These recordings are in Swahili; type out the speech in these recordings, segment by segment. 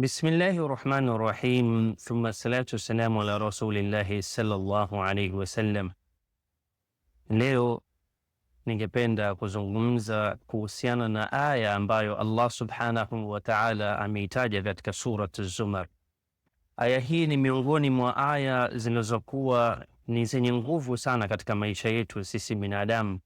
Bismillahi rahmani rahim thumma salatu wassalamu ala rasulillahi sallallahu alaihi wasallam. Leo ningependa kuzungumza kuhusiana na aya ambayo Allah subhanahu wa ta'ala ameitaja katika Surat Zumar. Aya hii ni miongoni mwa aya zinazokuwa ni zenye nguvu sana katika maisha yetu sisi binadamu,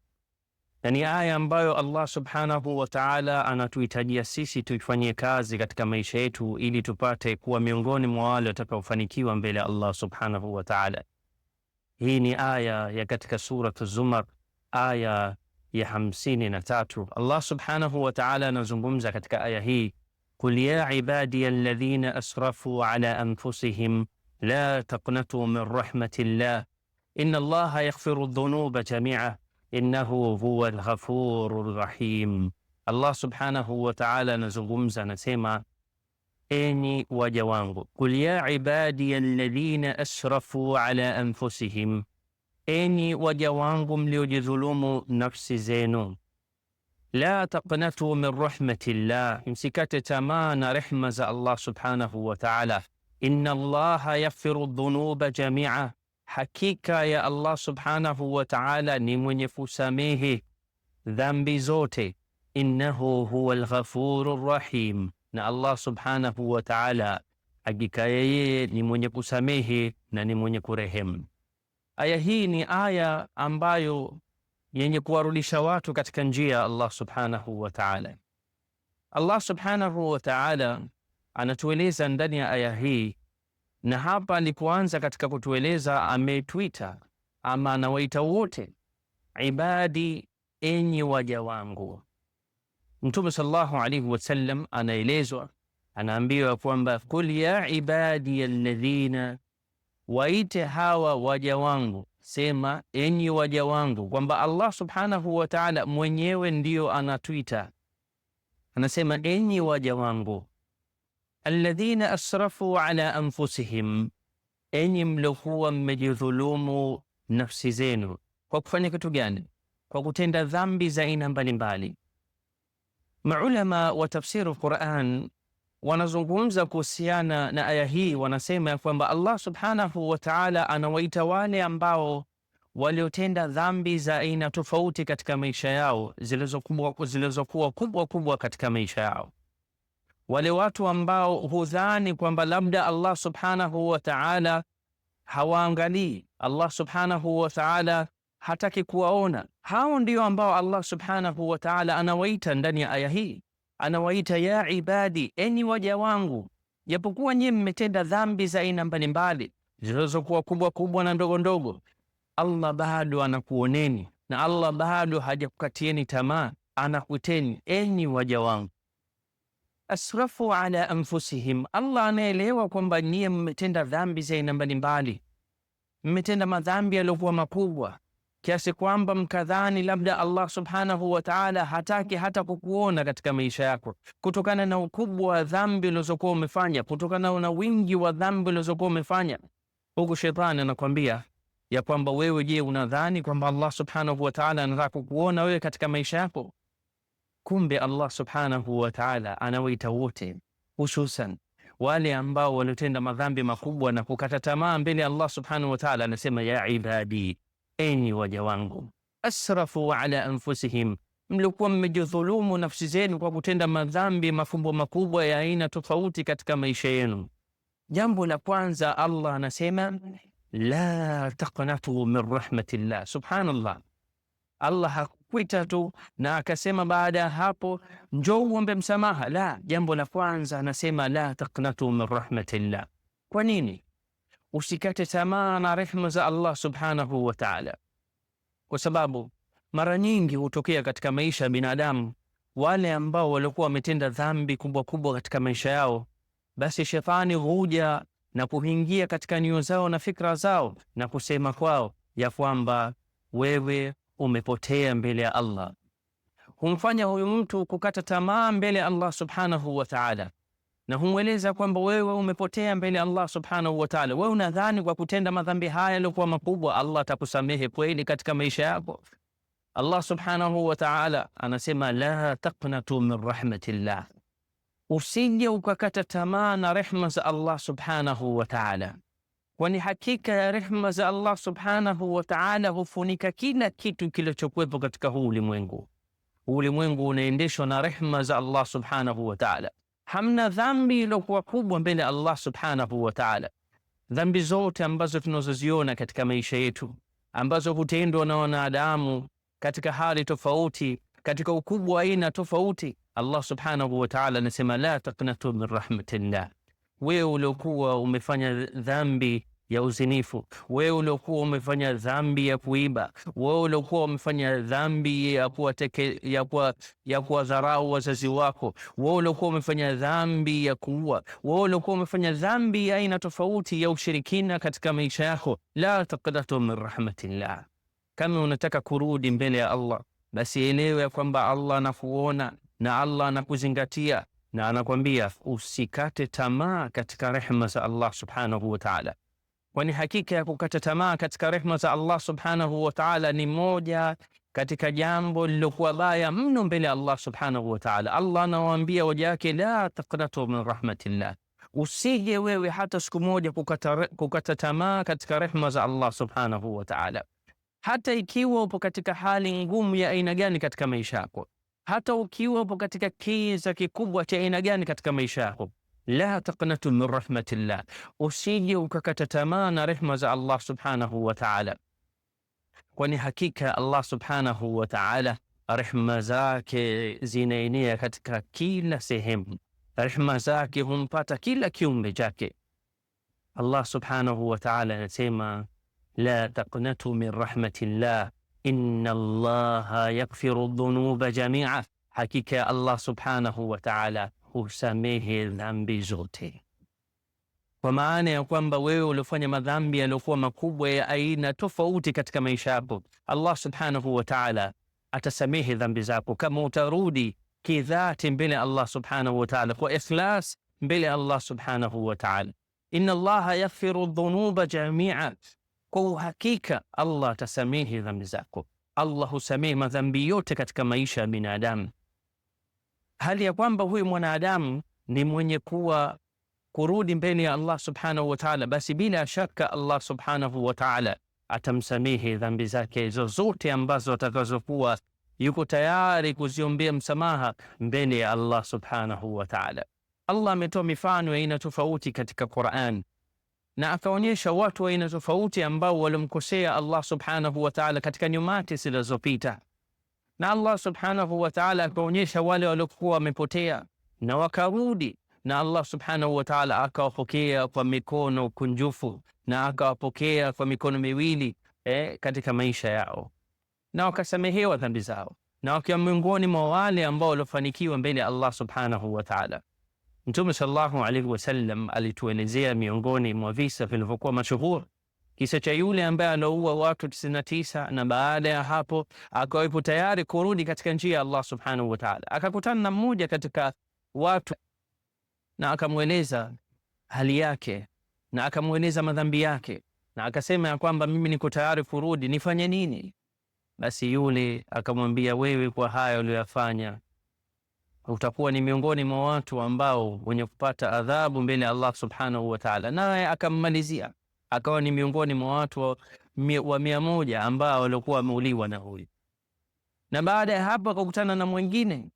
na ni aya ambayo Allah subhanahu wa ta'ala anatuhitajia sisi tuifanyie kazi katika maisha yetu ili tupate kuwa miongoni mwa wale watakaofanikiwa mbele ya Allah subhanahu wa ta'ala. Hii ni aya ya katika Suratu Zumar, aya ya hamsini na tatu. Allah subhanahu wa ta'ala anazungumza katika aya hii, qul ya ibadiya alladhina asrafu ala anfusihim la taqnatu min rahmatillah inna Allaha yaghfiru dhunuba jami'ah إنه هو الغفور الرحيم الله سبحانه وتعالى نزغمز نسيما إني وجوانغ قل يا عبادي الذين أسرفوا على أنفسهم إني وجوانغ ليجذلوم نفس زينون لا تقنطوا من رحمة الله امسكت تمان رحمة الله سبحانه وتعالى إن الله يغفر الذنوب جميعا Hakika ya Allah subhanahu wa ta'ala ni mwenye kusamehe dhambi zote, innahu huwa alghafuru rahim. Na Allah subhanahu wa ta'ala hakika yeye ni mwenye kusamehe na ni mwenye kurehemu. Aya hii ni aya ambayo yenye kuwarudisha watu katika njia ya Allah subhanahu wa ta'ala. Allah subhanahu wa ta'ala anatueleza ndani ya aya hii na hapa alipoanza katika kutueleza ametwita ama anawaita wote, ibadi, enyi waja wangu. Mtume sallallahu alaihi wasallam anaelezwa, anaambiwa kwamba kul ya ibadi alladhina, waite hawa waja wangu, sema enyi waja wangu, kwamba Allah subhanahu wa ta'ala mwenyewe ndiyo anatwita, anasema enyi waja wangu alladhina asrafu ala anfusihim, enyi mliokuwa mmejidhulumu nafsi zenu. Kwa kufanya kitu gani? Kwa kutenda dhambi za aina mbalimbali. Maulama wa tafsiru Quran wanazungumza kuhusiana na aya hii, wanasema ya kwamba Allah subhanahu wa ta'ala anawaita wale ambao waliotenda dhambi za aina tofauti katika maisha yao zilizokuwa kubwa kubwa katika maisha yao wale watu ambao hudhani kwamba labda Allah subhanahu wa ta'ala hawaangalii, Allah subhanahu wa ta'ala hataki kuwaona, hao ndio ambao Allah subhanahu wa ta'ala anawaita ndani ya aya hii, anawaita ya ibadi, enyi waja wangu, japokuwa nyie mmetenda dhambi za aina mbalimbali zilizokuwa kubwa kubwa na ndogo ndogo, Allah bado anakuoneni na Allah bado hajakukatieni tamaa, anakuiteni enyi waja wangu asrafu ala anfusihim, Allah anaelewa kwamba niye mmetenda dhambi za aina mbalimbali, mmetenda madhambi yaliyokuwa makubwa kiasi kwamba mkadhani labda Allah subhanahu wa ta'ala hataki hata kukuona katika maisha yako, kutokana na ukubwa wa dhambi ulizokuwa umefanya, kutokana na wingi wa dhambi ulizokuwa umefanya. Huku shetani anakwambia ya kwamba wewe, je, unadhani kwamba Allah subhanahu wa ta'ala anataka kukuona wewe katika maisha yako? Kumbe Allah subhanahu wa ta'ala anawaita wote, hususan wale ambao waliotenda madhambi makubwa na kukata tamaa mbele Allah subhanahu wa ta'ala. Anasema, ya ibadi, enyi waja wangu, asrafu ala anfusihim, mlikuwa mmejidhulumu nafsi zenu kwa kutenda madhambi mafumbo makubwa ya aina tofauti katika maisha yenu. Jambo la kwanza Allah anasema la taqnatu min rahmatillah. Subhanallah, Allah akakuita tu na akasema, baada ya hapo njoo uombe msamaha. La, jambo la kwanza anasema la taqnatu min rahmatillah. Kwa nini usikate tamaa na rehma za Allah subhanahu wa ta'ala? Kwa sababu mara nyingi hutokea katika maisha ya binadamu wale ambao walikuwa wametenda dhambi kubwa kubwa katika maisha yao, basi shetani huja na kuingia katika nyoyo zao na fikra zao na kusema kwao ya kwamba wewe umepotea mbele ya Allah, humfanya huyu mtu kukata tamaa mbele ya Allah subhanahu wa ta'ala, na humweleza kwamba wewe umepotea mbele ya Allah subhanahu wa ta'ala. Wewe unadhani kwa kutenda madhambi haya yaliokuwa makubwa Allah atakusamehe kweli katika maisha yako? Allah subhanahu wa ta'ala anasema la taqnatu min rahmatillah, usije ukakata tamaa na rehma za Allah subhanahu wa ta'ala kwani hakika ya rehma za Allah subhanahu wa ta'ala hufunika kila kitu kilichokuwepo katika huu ulimwengu. Huu ulimwengu unaendeshwa na rehma za Allah subhanahu wa ta'ala. Hamna dhambi iliyokuwa kubwa mbele Allah subhanahu wa ta'ala. Dhambi zote ambazo tunazoziona katika maisha yetu ambazo hutendwa na wanadamu katika hali tofauti, katika ukubwa wa aina tofauti, Allah subhanahu wa ta'ala anasema la taqnatu min rahmatillah, wewe uliokuwa umefanya dhambi ya uzinifu, wewe uliokuwa umefanya dhambi ya kuiba, wewe uliokuwa umefanya dhambi ya kuwateke, ya kuwa, ya kuwadharau wazazi wako, wewe uliokuwa umefanya dhambi ya kuua, wewe uliokuwa umefanya dhambi ya aina tofauti ya ushirikina katika maisha yako, la taqnatu min rahmatillah. Kama unataka kurudi mbele ya Allah, basi elewe ya kwamba Allah anakuona na Allah anakuzingatia na anakwambia usikate tamaa katika rehma za Allah subhanahu wa ta'ala kwani hakika ya kukata tamaa katika rehma za Allah subhanahu wa ta'ala ni moja katika jambo lilokuwa baya mno mbele ya Allah subhanahu wa ta'ala. Allah anawaambia waja wake, la taqnatu min rahmatillah, usije wewe hata siku moja kukata, kukata tamaa katika rehma za Allah subhanahu wa ta'ala, hata ikiwa upo katika hali ngumu ya aina gani katika maisha yako, hata ukiwa upo katika kiza kikubwa cha aina gani katika maisha yako la taqnatu min rahmatillah, usije ukakata tamaa na rehma za Allah subhanahu wa ta'ala, kwani hakika Allah subhanahu wa ta'ala rehma zake zinaenea katika kila sehemu, rehma zake humpata kila kiumbe chake. Allah subhanahu wa ta'ala anasema la taqnatu min rahmatillah inna allaha yaghfiru dhunuba jamia, hakika Allah subhanahu wa ta'ala husamehe dhambi zote, kwa maana ya kwamba wewe uliofanya madhambi yaliyokuwa makubwa ya aina tofauti katika maisha yako, Allah subhanahu wa ta'ala atasamehe dhambi zako kama utarudi kidhati mbele Allah subhanahu wa ta'ala kwa ikhlas mbele Allah subhanahu wa ta'ala. Inna Allaha yaghfiru dhunuba jamia, kwa uhakika Allah atasamehe dhambi zako. Allah husamehe madhambi yote katika maisha ya binadamu hali ya kwamba huyu mwanadamu ni mwenye kuwa kurudi mbele ya Allah subhanahu wa ta'ala, basi bila shaka Allah subhanahu wa ta'ala atamsamehe dhambi zake zozote ambazo atakazokuwa yuko tayari kuziombea msamaha mbele ya Allah subhanahu wa ta'ala. Allah ametoa mifano ya aina tofauti katika Qur'an na akaonyesha watu wa aina tofauti ambao walimkosea Allah subhanahu wa ta'ala katika nyumati zilizopita na Allah subhanahu wa ta'ala akaonyesha wale waliokuwa wamepotea na wakarudi, na Allah subhanahu wa ta'ala akawapokea kwa mikono kunjufu na akawapokea kwa mikono miwili eh, katika maisha yao na wakasamehewa dhambi zao na wakiwa miongoni mwa wale ambao waliofanikiwa mbele ya Allah subhanahu wa ta'ala. Mtume sallallahu alaihi wasallam alituelezea miongoni mwa visa vilivyokuwa mashuhuri kisa cha yule ambaye anaua watu 99 na baada ya hapo akawepo tayari kurudi katika njia ya Allah subhanahu wa ta'ala. Akakutana na mmoja katika watu na akamweleza hali yake na akamweleza madhambi yake na akasema ya kwamba mimi niko tayari kurudi, nifanye nini? Basi yule akamwambia, wewe kwa haya uliyofanya utakuwa ni miongoni mwa watu ambao wenye kupata adhabu mbele ya Allah subhanahu wa ta'ala. Naye akammalizia akawa ni miongoni mwa watu wa, wa mia moja ambao waliokuwa wameuliwa na huyu, na baada ya hapo akakutana na mwingine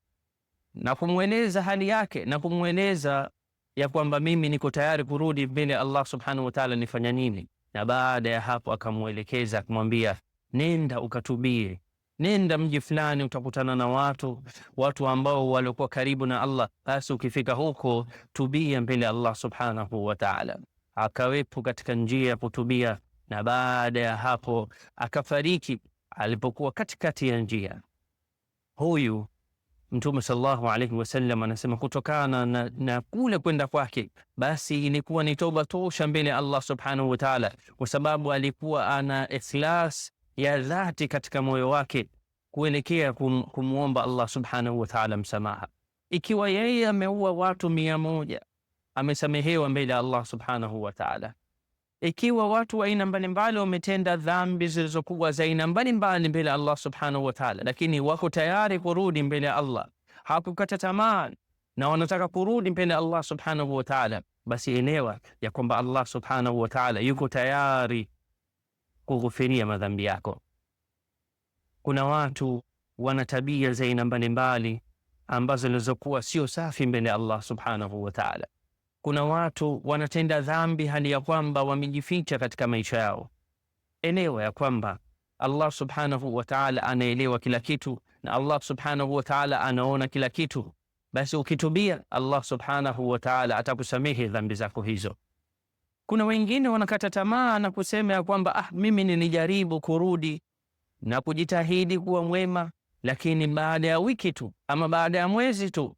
na kumweleza hali yake na kumweleza ya kwamba mimi niko tayari kurudi mbele ya Allah subhanahu wa ta'ala, nifanya nini? Na baada ya hapo akamwelekeza akamwambia, nenda ukatubie, nenda mji fulani, utakutana na watu watu ambao waliokuwa karibu na Allah, basi ukifika huko tubia mbele ya Allah subhanahu wa ta'ala akawepo katika njia ya kutubia, na baada ya hapo akafariki alipokuwa katikati ya njia. Huyu Mtume sallallahu alaihi wasallam anasema kutokana na, na kule kwenda kwake, basi ilikuwa ni toba tosha mbele ya Allah subhanahu wataala kwa sababu alikuwa ana ikhlas ya dhati katika moyo wake kuelekea kum, kumwomba Allah subhanahu wa ta'ala msamaha. Ikiwa yeye ameua watu mia moja amesamehewa mbele ya Allah subhanahu wa ta'ala. Ikiwa watu wa aina mbalimbali wametenda dhambi zilizokuwa za aina mbalimbali mbele ya Allah subhanahu wa ta'ala, lakini wako tayari kurudi mbele ya Allah, hakukata tamaa na wanataka kurudi mbele ya Allah subhanahu wa ta'ala, basi elewa ya kwamba Allah subhanahu wa ta'ala yuko tayari kughufiria madhambi yako. Kuna watu wana tabia za aina mbalimbali ambazo zilizokuwa sio safi mbele ya Allah subhanahu wa ta'ala kuna watu wanatenda dhambi hali ya kwamba wamejificha katika maisha yao. Elewa ya kwamba Allah subhanahu wa ta'ala anaelewa kila kitu na Allah subhanahu wa ta'ala anaona kila kitu. Basi ukitubia, Allah subhanahu wa ta'ala atakusamehe dhambi zako hizo. Kuna wengine wanakata tamaa na kusema ya kwamba ah, mimi ninijaribu kurudi na kujitahidi kuwa mwema, lakini baada ya wiki tu ama baada ya mwezi tu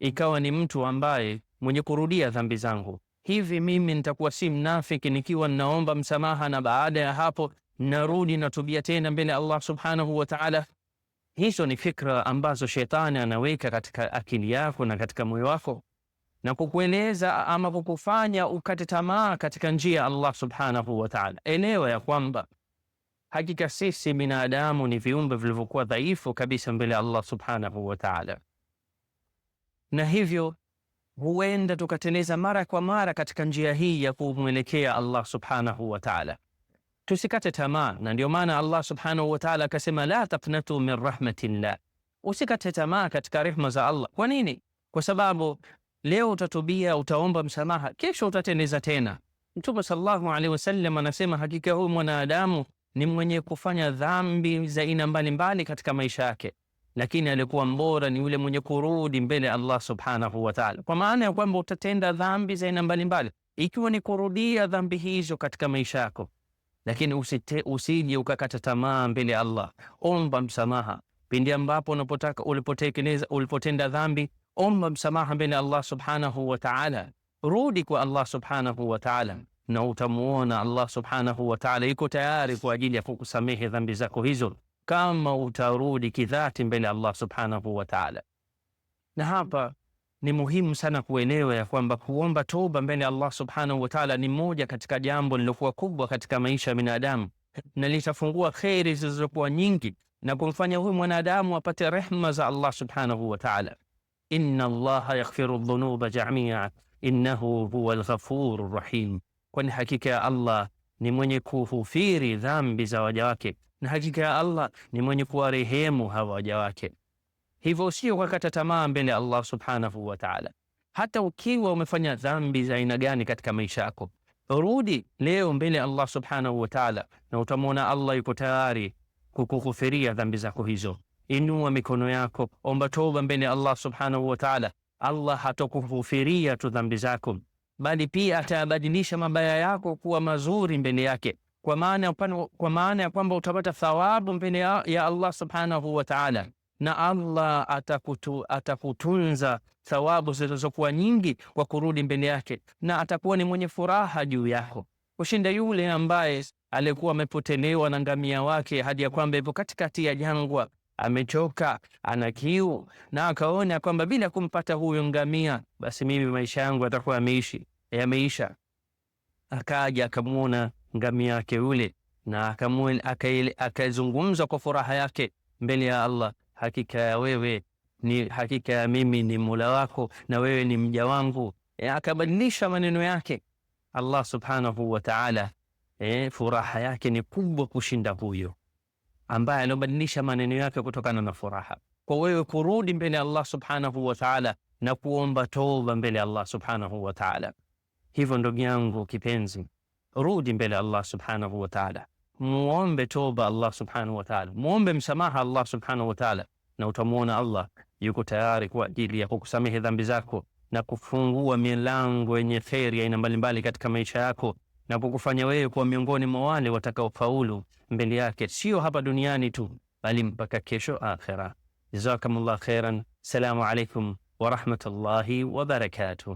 ikawa ni mtu ambaye mwenye kurudia dhambi zangu. Hivi mimi nitakuwa si mnafiki nikiwa ninaomba msamaha na baada ya hapo narudi natubia tena mbele ya Allah subhanahu wa ta'ala? Hizo ni fikra ambazo shetani anaweka katika akili yako na katika moyo wako na kukueleza ama kukufanya ukate tamaa katika njia ya Allah subhanahu wa ta'ala. Elewa ya kwamba hakika sisi binadamu ni viumbe vilivyokuwa dhaifu kabisa mbele ya Allah subhanahu wa ta'ala, na hivyo huenda tukateleza mara kwa mara katika njia hii ya kumwelekea Allah subhanahu wa ta'ala. Tusikate tamaa, na ndio maana Allah subhanahu wa ta'ala akasema la taqnatu min rahmatillah, usikate tamaa katika rehma za Allah. Kwa nini? Kwa sababu leo utatubia, utaomba msamaha, kesho utateleza tena. Mtume sallallahu alaihi wasallam anasema hakika huyu mwanadamu ni mwenye kufanya dhambi za aina mbalimbali katika maisha yake lakini alikuwa mbora ni yule mwenye kurudi mbele Allah subhanahu wa ta'ala, kwa maana ya kwamba utatenda dhambi za aina mbalimbali, ikiwa ni kurudia dhambi hizo katika maisha yako, lakini usite, usije ukakata tamaa mbele Allah. Omba msamaha pindi ambapo unapotaka ulipotekeleza ulipotenda dhambi, omba msamaha mbele Allah subhanahu wa ta'ala, rudi kwa Allah subhanahu wa ta'ala na utamuona Allah subhanahu wa ta'ala yuko tayari kwa ajili ya kukusamehe dhambi zako hizo kama utarudi kidhati mbele Allah subhanahu wa ta'ala. Na hapa ni muhimu sana kuelewa ya kwamba kuomba toba mbele Allah subhanahu wa ta'ala ni moja katika jambo lilokuwa kubwa katika maisha ya binadamu na litafungua kheri zilizokuwa nyingi na kumfanya huyu mwanadamu apate rehma za Allah subhanahu wa ta'ala. Inna Allaha yaghfiru dhunuba jamia innahu huwa ghafurur rahim, kwani hakika ya Allah ni mwenye kuhufiri dhambi za waja wake na hakika ya Allah ni mwenye kuwarehemu hawa waja wake. Hivyo sio kata tamaa mbele ya Allah subhanahu wa ta'ala. Hata ukiwa umefanya dhambi za aina gani katika maisha yako, rudi leo mbele ya Allah subhanahu wa ta'ala, na utamwona Allah yuko tayari kukughufiria dhambi zako hizo. Inua mikono yako, omba toba mbele ya Allah subhanahu wa ta'ala. Allah hatakughufiria tu dhambi zako, bali pia atabadilisha mabaya yako kuwa mazuri mbele yake kwa maana kwa maana ya kwamba utapata thawabu mbele ya Allah subhanahu wa ta'ala, na Allah atakutu, atakutunza thawabu zilizokuwa nyingi kwa kurudi mbele yake, na atakuwa ni mwenye furaha juu yako kushinda yule ambaye alikuwa amepotelewa na ngamia wake hadi ya kwamba ipo katikati ya jangwa, amechoka, ana kiu, na akaona kwamba bila kumpata huyo ngamia, basi mimi maisha yangu atakuwa ameishi yameisha. Akaja akamwona ngamia yake yule, na akazungumza kwa furaha yake mbele ya Allah, hakika ya wewe ni hakika ya mimi ni mula wako na wewe ni mja wangu. E, akabadilisha maneno yake Allah subhanahu wa ta'ala. E, furaha yake ni kubwa kushinda huyo ambaye anabadilisha maneno yake kutokana na furaha. Kwa wewe kurudi mbele Allah subhanahu wa ta'ala na kuomba toba mbele Allah subhanahu wa ta'ala. Hivyo ndugu yangu kipenzi Rudi mbele Allah subhanahu wa ta'ala, muombe toba Allah subhanahu wa ta'ala, muombe msamaha Allah subhanahu wa ta'ala, na utamwona Allah yuko tayari kwa ajili ya kukusamehe dhambi zako na kufungua milango yenye kheri aina mbalimbali katika maisha yako na kukufanya wewe kuwa miongoni mwa wale watakaofaulu mbele yake, sio hapa duniani tu, bali mpaka kesho akhera. Jazakumullah khairan. Salamu alaikum wa rahmatullahi wa barakatuh.